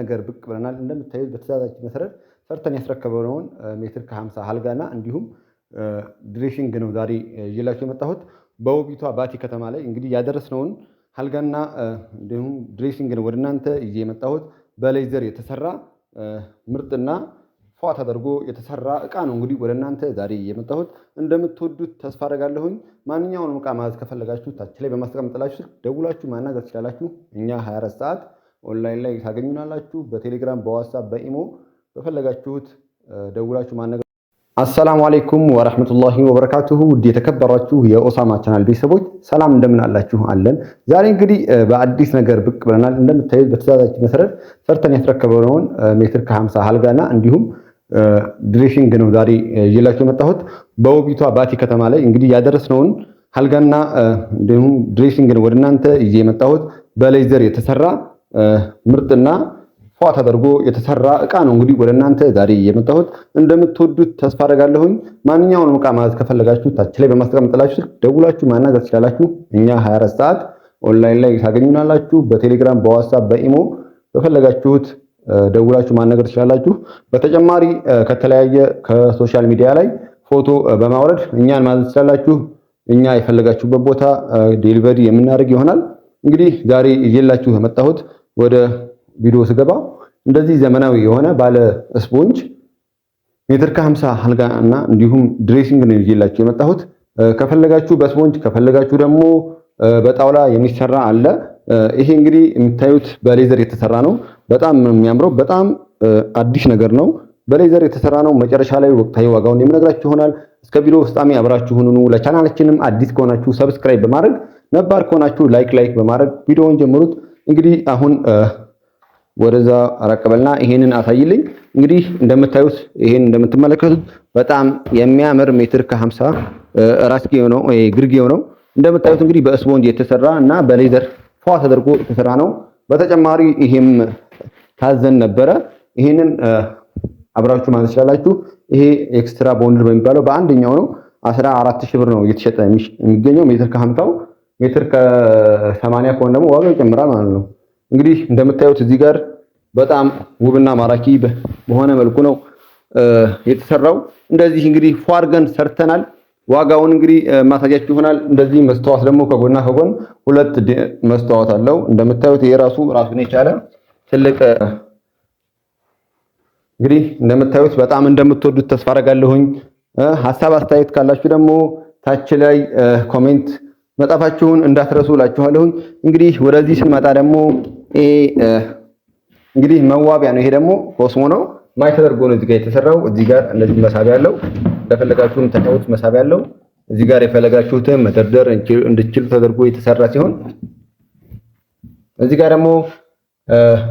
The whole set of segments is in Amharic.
ነገር ብቅ ብለናል። እንደምታዩት በትዕዛዛችን መሰረት ሰርተን ያስረከበነውን ሜትር ከ አልጋና እንዲሁም ድሬሲንግ ነው ዛሬ ይዤላችሁ የመጣሁት። በውቢቷ ባቲ ከተማ ላይ እንግዲህ ያደረስነውን አልጋና እንዲሁም ድሬሲንግ ነው ወደ እናንተ ይዤ የመጣሁት። በሌዘር የተሰራ ምርጥና ፏ ተደርጎ የተሰራ እቃ ነው እንግዲህ ወደ እናንተ ዛሬ የመጣሁት። እንደምትወዱት ተስፋ አደርጋለሁኝ። ማንኛውንም እቃ ማዝ ከፈለጋችሁ ታች ላይ በማስቀመጥላችሁ ደውላችሁ ማናገር ትችላላችሁ። እኛ 24 ሰዓት ኦንላይን ላይ ታገኙናላችሁ። በቴሌግራም፣ በዋትሳፕ፣ በኢሞ በፈለጋችሁት ደውላችሁ ማነገ አሰላሙ አሌይኩም ወረህመቱላሂ ወበረካቱሁ። ውድ የተከበሯችሁ የኦሳማ ቻናል ቤተሰቦች ሰላም እንደምን አላችሁ? አለን። ዛሬ እንግዲህ በአዲስ ነገር ብቅ ብለናል። እንደምታዩት በትእዛዛችን መሰረት ሰርተን ያስረከበነውን ሜትር ከ50 ሀልጋና እንዲሁም ድሬሽንግ ነው ዛሬ ይዤላችሁ የመጣሁት። በውቢቷ ባቲ ከተማ ላይ እንግዲህ ያደረስነውን ሀልጋና እንዲሁም ድሬሽንግ ነው ወደ እናንተ ይዤ የመጣሁት በሌዘር የተሰራ ምርጥና ፏ ተደርጎ የተሰራ እቃ ነው። እንግዲህ ወደ እናንተ ዛሬ የመጣሁት እንደምትወዱት ተስፋ አደርጋለሁኝ። ማንኛውንም እቃ ማለት ከፈለጋችሁ ታች ላይ በማስቀመጥላችሁ ስልክ ደውላችሁ ማናገር ትችላላችሁ። እኛ 24 ሰዓት ኦንላይን ላይ ታገኙናላችሁ። በቴሌግራም፣ በዋትሳፕ፣ በኢሞ በፈለጋችሁት ደውላችሁ ማናገር ትችላላችሁ። በተጨማሪ ከተለያየ ከሶሻል ሚዲያ ላይ ፎቶ በማውረድ እኛን ማዘዝ ትችላላችሁ። እኛ የፈለጋችሁበት ቦታ ዴሊቨሪ የምናደርግ ይሆናል። እንግዲህ ዛሬ ይዤላችሁ የመጣሁት ወደ ቪዲዮ ስገባ እንደዚህ ዘመናዊ የሆነ ባለ ስፖንጅ ሜትር ከ50 አልጋ እና እንዲሁም ድሬሲንግ ነው ይዤላችሁ የመጣሁት። ከፈለጋችሁ በስፖንጅ ከፈለጋችሁ ደግሞ በጣውላ የሚሰራ አለ። ይሄ እንግዲህ የምታዩት በሌዘር የተሰራ ነው። በጣም የሚያምረው በጣም አዲስ ነገር ነው። በሌዘር የተሰራ ነው። መጨረሻ ላይ ወቅታዊ ዋጋውን የምነግራችሁ ይሆናል። እስከ ቪዲዮ ፍጻሜ አብራችሁ ለቻናላችንም አዲስ ከሆናችሁ ሰብስክራይብ በማድረግ ነባር ከሆናችሁ ላይክ ላይክ በማድረግ ቪዲዮውን ጀምሩት። እንግዲህ አሁን ወደዛ አረቀበልና ይሄንን አሳይልኝ። እንግዲህ እንደምታዩት ይሄን እንደምትመለከቱት በጣም የሚያምር ሜትር ከሀምሳ ራስጌ ነው ግርጌው ነው። እንደምታዩት እንግዲህ በስፖንጅ የተሰራ እና በሌዘር ፏ ተደርጎ የተሰራ ነው። በተጨማሪ ይሄም ታዘን ነበረ። ይሄንን አብራችሁ ማለት ትችላላችሁ። ይሄ ኤክስትራ ቦንድ በሚባለው በአንደኛው ነው ሺህ ብር ነው እየተሸጠ የሚገኘው ሜትር ከሀምሳው ሜትር ከሰማንያ ከሆነ ደግሞ ዋጋው ይጨምራል ማለት ነው። እንግዲህ እንደምታዩት እዚህ ጋር በጣም ውብና ማራኪ በሆነ መልኩ ነው የተሰራው። እንደዚህ እንግዲህ ፏርገን ሰርተናል። ዋጋውን እንግዲህ ማሳያችሁ ይሆናል። እንደዚህ መስተዋት ደግሞ ከጎና ከጎን ሁለት መስተዋት አለው። እንደምታዩት የራሱ ራሱን የቻለ ትልቅ እንግዲህ እንደምታዩት በጣም እንደምትወዱት ተስፋ አደርጋለሁኝ። ሀሳብ አስተያየት ካላችሁ ደግሞ ታች ላይ ኮሜንት መጻፋችሁን እንዳትረሱ እላችኋለሁኝ። እንግዲህ ወደዚህ ስንመጣ ደግሞ እንግዲህ መዋቢያ ነው። ይሄ ደግሞ ኮስሞ ነው። ማች ተደርጎ ነው እዚህ ጋር የተሰራው። እዚህ ጋር እንደዚህ መሳቢያ አለው። ለፈለጋችሁም ተቀውት መሳቢያ አለው። እዚህ ጋር የፈለጋችሁትን መደርደር እንድችል ተደርጎ የተሰራ ሲሆን እዚህ ጋር ደግሞ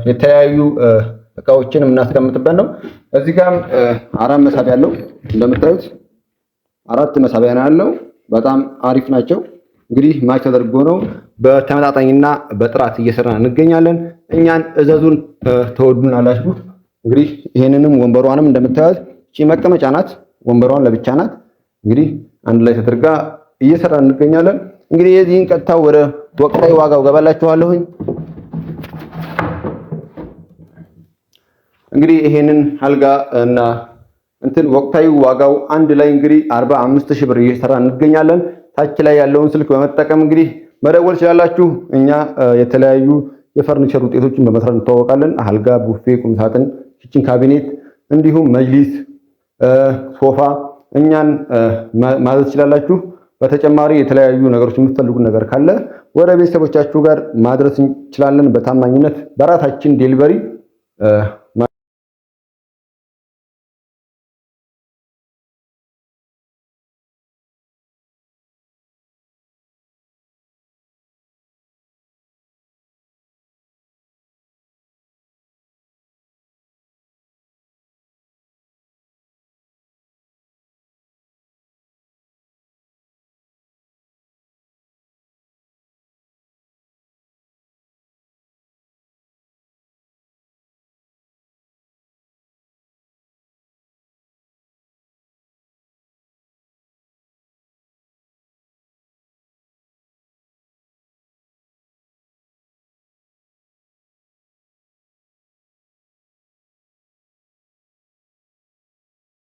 የተለያዩ እቃዎችን የምናስቀምጥበት ነው። እዚህ ጋር አራት መሳቢያ አለው። እንደምታዩት አራት መሳቢያ ነው ያለው። በጣም አሪፍ ናቸው። እንግዲህ ማች ተደርጎ ነው በተመጣጣኝና በጥራት እየሰራን እንገኛለን። እኛን እዘዙን ተወዱን አላችሁ። እንግዲህ ይህንንም ወንበሯንም እንደምታዩት እቺ መቀመጫ ናት። ወንበሯን ለብቻ ናት። እንግዲህ አንድ ላይ ተደርጋ እየሰራ እንገኛለን። እንግዲህ የዚህን ቀጥታ ወደ ወቅታዊ ዋጋው ገባላችኋለሁኝ። እንግዲህ ይሄንን አልጋ እና እንትን ወቅታዊ ዋጋው አንድ ላይ እንግዲህ 45 ሺህ ብር እየሰራ እንገኛለን። ታች ላይ ያለውን ስልክ በመጠቀም እንግዲህ መደወል ችላላችሁ እኛ የተለያዩ የፈርኒቸር ውጤቶችን በመስራት እንተዋወቃለን። አልጋ፣ ቡፌ፣ ቁምሳጥን፣ ኪችን ካቢኔት እንዲሁም መጅሊስ፣ ሶፋ እኛን ማዘዝ ችላላችሁ በተጨማሪ የተለያዩ ነገሮች የምትፈልጉ ነገር ካለ ወደ ቤተሰቦቻችሁ ጋር ማድረስ እንችላለን። በታማኝነት በራሳችን ዴሊቨሪ